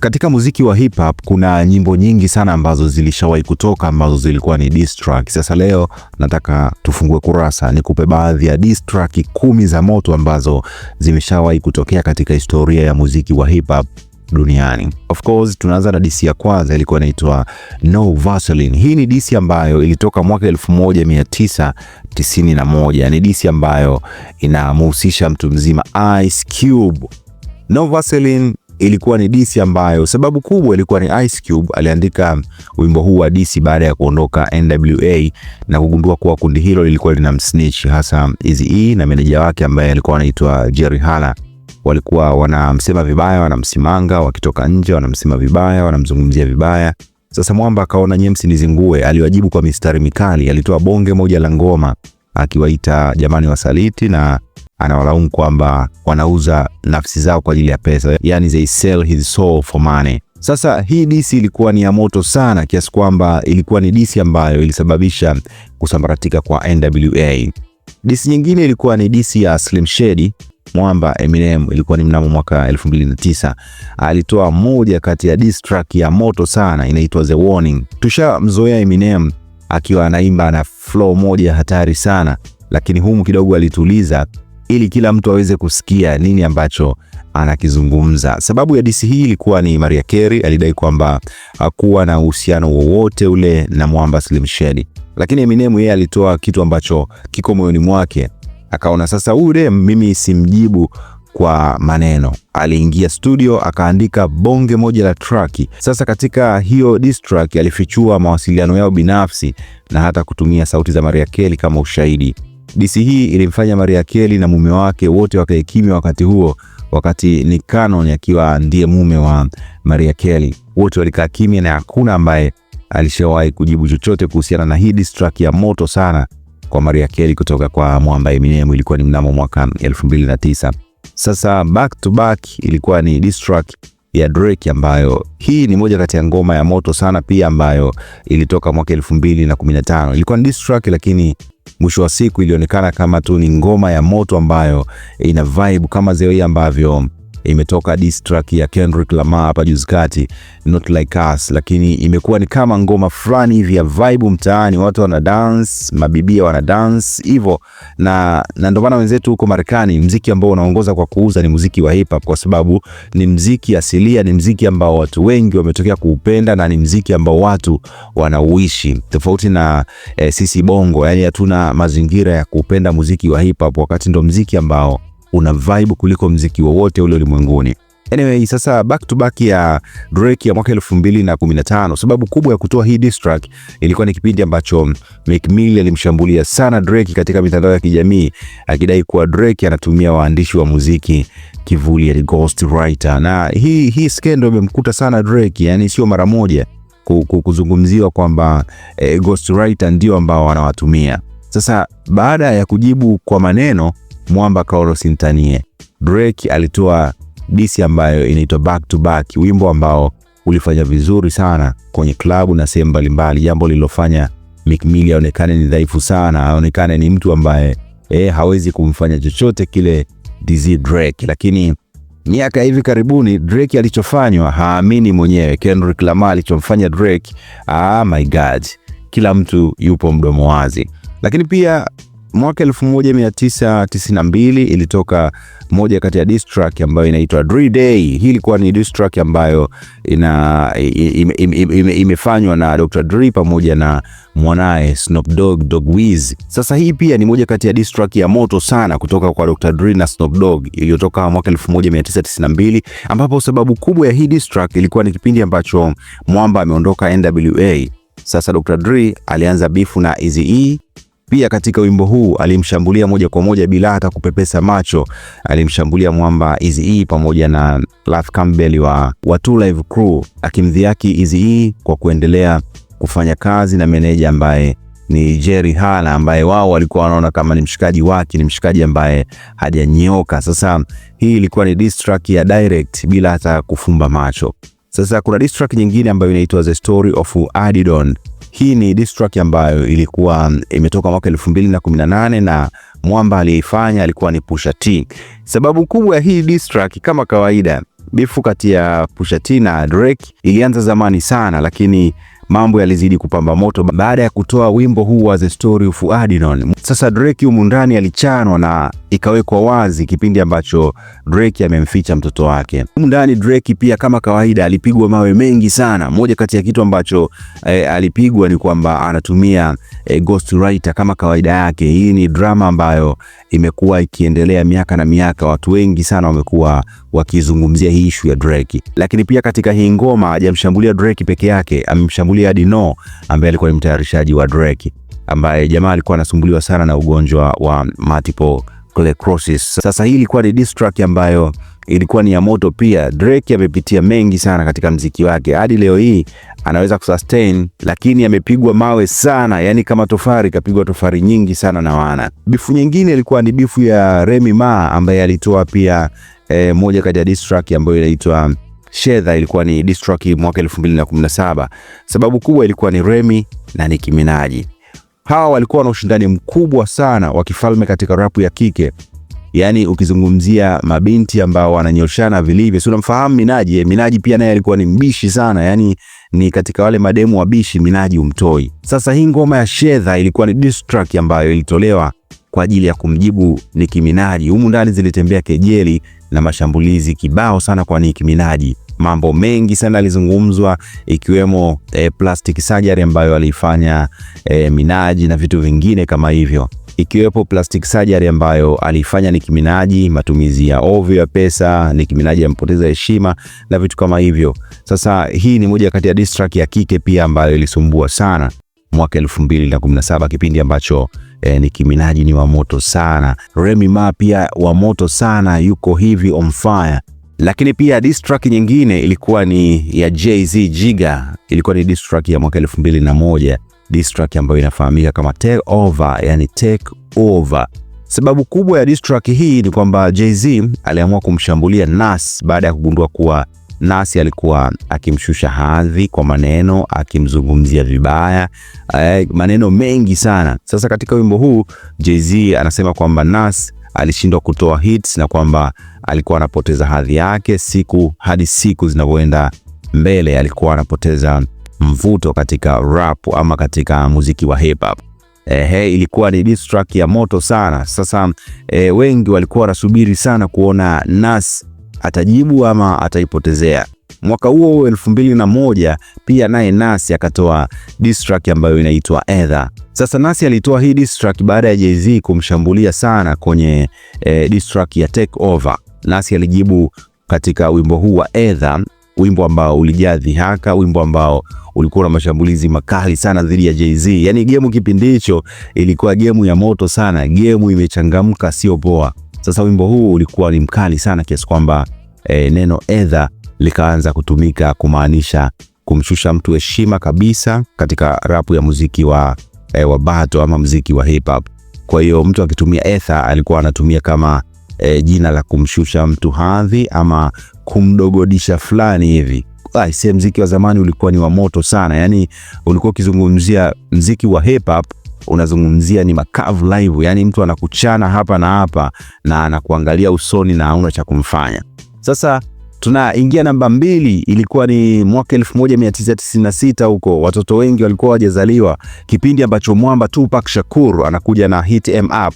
Katika muziki wa hip hop kuna nyimbo nyingi sana ambazo zilishawahi kutoka ambazo zilikuwa ni diss track. Sasa leo nataka tufungue kurasa, nikupe baadhi ya diss track kumi za moto ambazo zimeshawahi kutokea katika historia ya muziki wa hip hop duniani. Of course tunaanza na disi ya kwanza, ilikuwa inaitwa No Vaseline. Hii ni disi ambayo ilitoka mwaka 1991. Ni disi ambayo inamhusisha mtu mzima Ice Cube. No Vaseline ilikuwa ni disi ambayo sababu kubwa ilikuwa ni Ice Cube aliandika wimbo huu wa disi baada ya kuondoka NWA na kugundua kuwa kundi hilo lilikuwa lina msnitch, hasa Eazy-E na meneja wake ambaye alikuwa anaitwa Jerry Hala. Walikuwa wanamsema vibaya, wanamsimanga, wakitoka nje wanamsema vibaya, wanamzungumzia vibaya. Sasa Mwamba akaona nyemsi nizingue, aliwajibu kwa mistari mikali, alitoa bonge moja la ngoma akiwaita jamani wasaliti na anawalaumu kwamba wanauza nafsi zao kwa ajili ya pesa, yani they sell his soul for money. Sasa hii disi ilikuwa ni ya moto sana kiasi kwamba ilikuwa ni disi ambayo ilisababisha kusambaratika kwa NWA. Disi nyingine ilikuwa ni disi ya Slim Shady Mwamba Eminem, ilikuwa ni mnamo mwaka 2009. Alitoa moja kati ya diss track ya moto sana inaitwa The Warning. Tushamzoea Eminem akiwa anaimba na flow moja hatari sana, lakini humu kidogo alituliza ili kila mtu aweze kusikia nini ambacho anakizungumza. Sababu ya disi hii ilikuwa ni Maria Carey alidai kwamba hakuwa na uhusiano wowote ule na mwamba Slim Shady, lakini Eminem yeye alitoa kitu ambacho kiko moyoni mwake, akaona sasa ule mimi simjibu kwa maneno. Aliingia studio akaandika bonge moja la track. Sasa katika hiyo diss track alifichua mawasiliano yao binafsi na hata kutumia sauti za Maria Carey kama ushahidi. Disi hii ilimfanya Maria Kelly na mume wake wote wakae kimya wakati huo, wakati ni Cannon akiwa ndiye mume wa Maria Kelly. Wote walikaa kimya na hakuna ambaye alishawahi kujibu chochote kuhusiana na hii diss track ya moto sana kwa Maria Kelly kutoka kwa Mwamba Eminem. Ilikuwa ni mnamo mwaka 2009. Sasa back to back ilikuwa ni diss track ya Drake ambayo hii ni moja kati ya ngoma ya moto sana pia ambayo ilitoka mwaka 2015. Ilikuwa ni diss track lakini mwisho wa siku ilionekana kama tu ni ngoma ya moto ambayo ina vibe kama zile ambavyo imetoka diss track ya Kendrick Lamar hapa juzi kati, Not Like Us, lakini imekuwa ni kama ngoma fulani hivi ya vibe mtaani, watu wana dance, mabibia wana dance hivyo, na na ndio maana wenzetu huko Marekani mziki ambao unaongoza kwa kuuza ni mziki wa hip hop, kwa sababu ni mziki asilia, ni mziki ambao watu wengi wametokea kuupenda na ni mziki ambao watu wanauishi, tofauti na eh, sisi Bongo, yani hatuna mazingira ya kuupenda muziki wa hip hop, wakati ndo mziki ambao una vibe kuliko mziki wowote ule ulimwenguni. Anyway, sasa back to back ya Drake ya mwaka 2015. Sababu kubwa ya kutoa hii diss track ilikuwa ni kipindi ambacho Meek Mill alimshambulia sana Drake katika mitandao ya kijamii akidai kuwa Drake anatumia waandishi wa muziki kivuli ya ghost writer, na hii hii scandal imemkuta sana Drake, yani sio mara moja kuzungumziwa kwamba eh, ghost writer ndio ambao wanawatumia. Sasa baada ya kujibu kwa maneno mwamba Kaoro Sintanie. Drake alitoa disi ambayo inaitwa back to back, wimbo ambao ulifanya vizuri sana kwenye klabu na sehemu mbalimbali, jambo lililofanya Meek Mill aonekane ni dhaifu sana, aonekane ni mtu ambaye eh, hawezi kumfanya chochote kile DZ Drake. Lakini miaka hivi karibuni Drake alichofanywa haamini mwenyewe. Kendrick Lamar alichomfanya Drake, ah my god, kila mtu yupo mdomo wazi. Lakini pia Mwaka 1992 ilitoka moja kati ya diss track ambayo inaitwa Dre Day. Hii ilikuwa ni diss track ambayo ina imefanywa na Dr. Dre pamoja na mwanaye Snoop Dogg Dogg Wiz. Sasa hii pia ni moja kati ya diss track ya moto sana kutoka kwa Dr. Dre na Snoop Dogg iliyotoka mwaka 1992, ambapo sababu kubwa ya hii diss track ilikuwa ni kipindi ambacho Mwamba ameondoka NWA. Sasa Dr. Dre alianza bifu na Eazy-E pia katika wimbo huu alimshambulia moja kwa moja bila hata kupepesa macho, alimshambulia mwamba Eazy-E pamoja na Laf Campbell wa, wa Two Live Crew, akimdhihaki Eazy-E kwa kuendelea kufanya kazi na meneja ambaye ni Jerry Hana ambaye wao walikuwa wanaona kama ni mshikaji wake, ni mshikaji ambaye hajanyoka. Sasa hii ilikuwa ni diss track ya direct bila hata kufumba macho. Sasa kuna diss track nyingine ambayo inaitwa The Story of Adidon hii ni diss track ambayo ilikuwa um, imetoka mwaka 2018 na mwamba aliyeifanya alikuwa ni Pusha T. Sababu kubwa ya hii diss track kama kawaida, bifu kati ya Pusha T na Drake ilianza zamani sana, lakini mambo yalizidi kupamba moto baada ya kutoa wimbo huu wa The Story of Adinon. Sasa Drake humu ndani alichanwa na ikawekwa wazi kipindi ambacho Drake amemficha mtoto wake. Humu ndani Drake pia kama kawaida alipigwa mawe mengi sana. Moja kati ya kitu ambacho eh, alipigwa ni kwamba anatumia eh, writer kama kawaida yake. Hii ni drama ambayo imekuwa ikiendelea miaka na miaka, watu wengi sana wamekuwa wakizungumzia hii ishu ya Drake. Lakini pia katika hii ngoma hajamshambulia Drake peke yake, amemshambulia Dino ambaye alikuwa ni mtayarishaji wa Drake, ambaye jamaa alikuwa anasumbuliwa sana na ugonjwa wa multiple sclerosis. Sasa hii ilikuwa ni diss track ambayo ilikuwa ni ya moto pia. Drake amepitia mengi sana katika mziki wake, hadi leo hii anaweza kusustain, lakini amepigwa mawe sana, yani kama tofari, kapigwa tofari nyingi sana na wana. Bifu nyingine ilikuwa ni bifu ya Remy Ma ambaye alitoa pia e, moja kati ya diss track ambayo inaitwa Shedha ilikuwa ni diss track mwaka 2017. Sababu kubwa ilikuwa ni Remy na Nicki Minaj. Hawa walikuwa na ushindani mkubwa sana wa kifalme katika rap ya kike. Yaani ukizungumzia mabinti ambao wananyoshana vilivyo, si unamfahamu Minaji? Eh, Minaj pia naye alikuwa ni mbishi sana, yaani ni katika wale mademu wabishi Minaj umtoi. Sasa hii ngoma ya Shedha ilikuwa ni diss track ambayo ilitolewa kwa ajili ya kumjibu Nicki Minaj. Humu ndani zilitembea kejeli na mashambulizi kibao sana kwa Nicki Minaj. Mambo mengi sana yalizungumzwa ikiwemo e, plastic surgery ambayo alifanya e, eh, Minaj na vitu vingine kama hivyo, ikiwepo plastic surgery ambayo alifanya Nicki Minaj, matumizi ya ovyo ya pesa, Nicki Minaj ampoteza heshima na vitu kama hivyo. Sasa hii ni moja kati ya diss track ya kike pia ambayo ilisumbua sana mwaka 2017 kipindi ambacho e, eh, Nicki Minaj ni wa moto sana. Remy Ma pia wa moto sana, yuko hivi on fire. Lakini pia diss track nyingine ilikuwa ni ya Jay-Z Jiga, ilikuwa ni diss track ya mwaka 2001, diss track ambayo inafahamika kama Take Over, yani Take Over. Sababu kubwa ya diss track hii ni kwamba Jay-Z aliamua kumshambulia Nas baada ya kugundua kuwa Nasi alikuwa akimshusha hadhi kwa maneno, akimzungumzia vibaya eh, maneno mengi sana. Sasa katika wimbo huu Jay-Z anasema kwamba Nas alishindwa kutoa hits na kwamba alikuwa anapoteza hadhi yake siku hadi siku zinavyoenda mbele, alikuwa anapoteza mvuto katika rap ama katika muziki wa hip hop. Ehe, ilikuwa ni diss track ya moto sana. Sasa e, wengi walikuwa wanasubiri sana kuona Nas atajibu ama ataipotezea. Mwaka huo 2001 pia naye nasi akatoa diss track ambayo inaitwa Ether. Sasa Nasi alitoa hii diss track baada ya Jay-Z kumshambulia sana kwenye eh, diss track ya Take Over. Nasi alijibu katika wimbo huu wa Ether, wimbo ambao ulijaa dhihaka, wimbo ambao ulikuwa na mashambulizi makali sana dhidi ya Jay-Z. Yaani gemu kipindi hicho ilikuwa gemu ya moto sana, gemu imechangamka, sio poa. Sasa wimbo huu ulikuwa ni mkali sana kiasi kwamba e, neno edha likaanza kutumika kumaanisha kumshusha mtu heshima kabisa katika rapu ya muziki wa, e, wa bato ama muziki wa hip hop. Kwa hiyo mtu akitumia edha alikuwa anatumia kama e, jina la kumshusha mtu hadhi ama kumdogodisha fulani hivi. Muziki wa zamani ulikuwa ni wa moto sana, yani ulikuwa ukizungumzia mziki wa hip hop unazungumzia ni makavu live, yani mtu anakuchana hapa na hapa na anakuangalia usoni na hauna cha kumfanya. Sasa tunaingia namba mbili, ilikuwa ni mwaka 1996 huko, watoto wengi walikuwa wajazaliwa, kipindi ambacho mwamba Tupac Shakur anakuja na hit em up.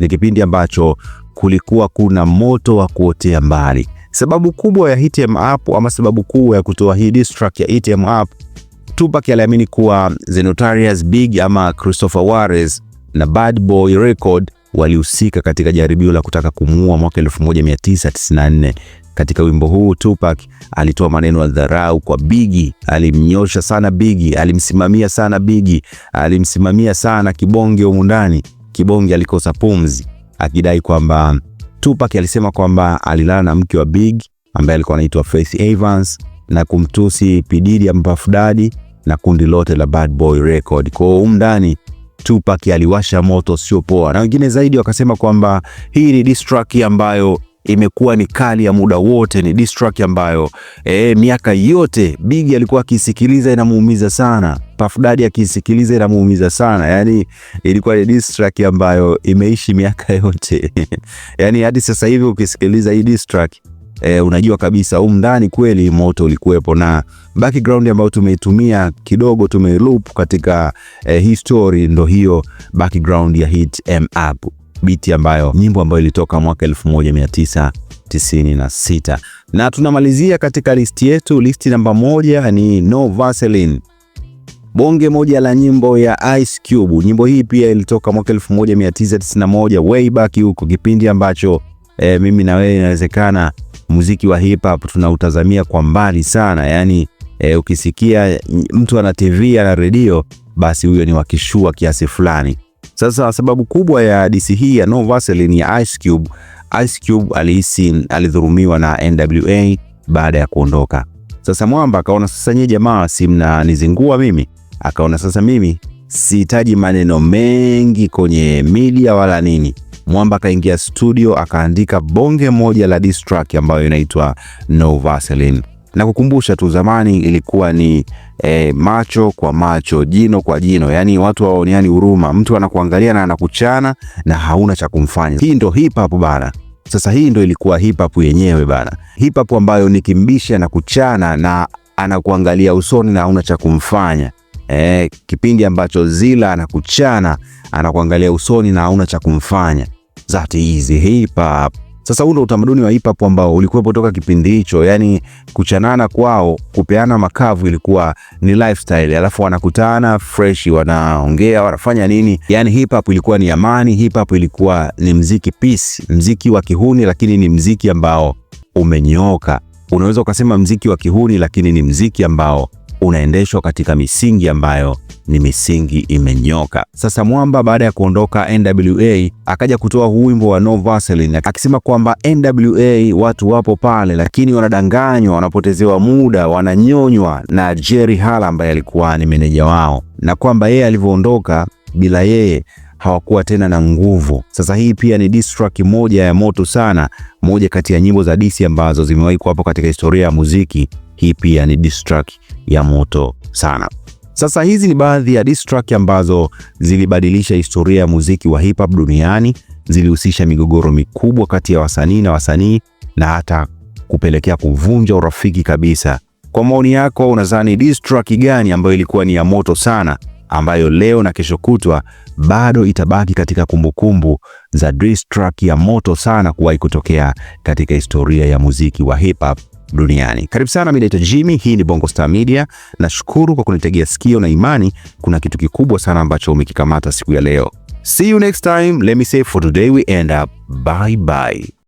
Ni kipindi ambacho kulikuwa kuna moto wa kuotea mbali. Sababu kubwa ya hit em up ama sababu kubwa ya kutoa hii diss track ya hit em up Tupac aliamini kuwa The Notorious Big ama Christopher Juarez na Bad Boy Record walihusika katika jaribio la kutaka kumuua mwaka 1994. Katika wimbo huu Tupac alitoa maneno ya dharau kwa bigi alimnyosha sana bigi alimsimamia sana bigi alimsimamia sana kibonge humu ndani. Kibonge alikosa pumzi, akidai kwamba Tupac alisema kwamba alilala na mke wa Big ambaye alikuwa anaitwa Faith Evans na kumtusi P ya Puff Daddy na kundi lote la Bad Boy Record. Kwa hiyo umndani Tupac aliwasha moto sio poa, na wengine zaidi wakasema kwamba hii ni diss track ambayo imekuwa ni kali ya muda wote, ni diss track ambayo e, miaka yote Big alikuwa akisikiliza inamuumiza sana, Puff Daddy akisikiliza inamuumiza sana. Yani ilikuwa ni diss track ambayo imeishi miaka yote yani hadi sasa hivi ukisikiliza hii diss track e, unajua kabisa huko ndani kweli moto ulikuwepo, na background ambayo tumeitumia kidogo, tumeloop katika e, history, ndo hiyo background ya Hit M Up biti ambayo nyimbo ambayo ilitoka mwaka 1996 na tunamalizia katika listi yetu. Listi namba moja ni No Vaseline, bonge moja la nyimbo ya Ice Cube. Nyimbo hii pia ilitoka mwaka 1991 way back huko, kipindi ambacho e, mimi na wewe inawezekana muziki wa hip hop tunautazamia kwa mbali sana, yani e, eh, ukisikia mtu ana TV ana redio, basi huyo ni wakishua kiasi fulani. Sasa sababu kubwa ya disi hii ya No Vaseline ya Ice Cube, Ice Cube alihisi alidhurumiwa na NWA baada ya kuondoka. Sasa Mwamba akaona sasa, nyie jamaa simna nizingua mimi, akaona sasa mimi sihitaji maneno mengi kwenye media wala nini, Mwamba akaingia studio akaandika bonge moja la diss track ambayo inaitwa No Vaseline. Na kukumbusha tu, zamani ilikuwa ni e, macho kwa macho, jino kwa jino, yaani watu hawaoneani huruma. Mtu anakuangalia na anakuchana na hauna cha kumfanya. Hii ndo hip hop bana. Sasa hii ndo ilikuwa hip hop yenyewe bana, hip hop ambayo nikimbisha na kuchana na anakuangalia usoni na hauna cha kumfanya. E, kipindi ambacho Zila anakuchana anakuangalia usoni na hauna cha kumfanya that is hip hop. Sasa ule utamaduni wa hip hop ambao ulikuwepo toka kipindi hicho, yani kuchanana kwao, kupeana makavu ilikuwa ni lifestyle, alafu wanakutana fresh, wanaongea, wanafanya nini, yani hip hop ilikuwa ni amani. Hip hop ilikuwa ni mziki peace, mziki wa kihuni, lakini ni mziki ambao umenyooka. Unaweza ukasema mziki wa kihuni, lakini ni mziki ambao unaendeshwa katika misingi ambayo ni misingi imenyoka. Sasa Mwamba baada ya kuondoka NWA akaja kutoa huu wimbo wa No Vaseline akisema kwamba NWA watu wapo pale, lakini wanadanganywa, wanapotezewa muda, wananyonywa na Jerry Hala ambaye alikuwa ni meneja wao, na kwamba yeye alivyoondoka bila yeye hawakuwa tena na nguvu. Sasa hii pia ni diss track moja ya moto sana, moja kati ya nyimbo za disi ambazo zimewahi kuwapo katika historia ya muziki hii pia ni diss track ya moto sana. Sasa hizi ni baadhi ya diss track ambazo zilibadilisha historia ya muziki wa hip hop duniani, zilihusisha migogoro mikubwa kati ya wasanii na wasanii na hata kupelekea kuvunja urafiki kabisa. Kwa maoni yako, unadhani diss track gani ambayo ilikuwa ni ya moto sana ambayo leo na kesho kutwa bado itabaki katika kumbukumbu za diss track ya moto sana kuwahi kutokea katika historia ya muziki wa hip hop duniani. Karibu sana, mimi naitwa Jimmy, hii ni Bongo Star Media. Nashukuru kwa kunitegea sikio na imani kuna kitu kikubwa sana ambacho umekikamata siku ya leo. See you next time. Let me say for today we end up. Bye bye.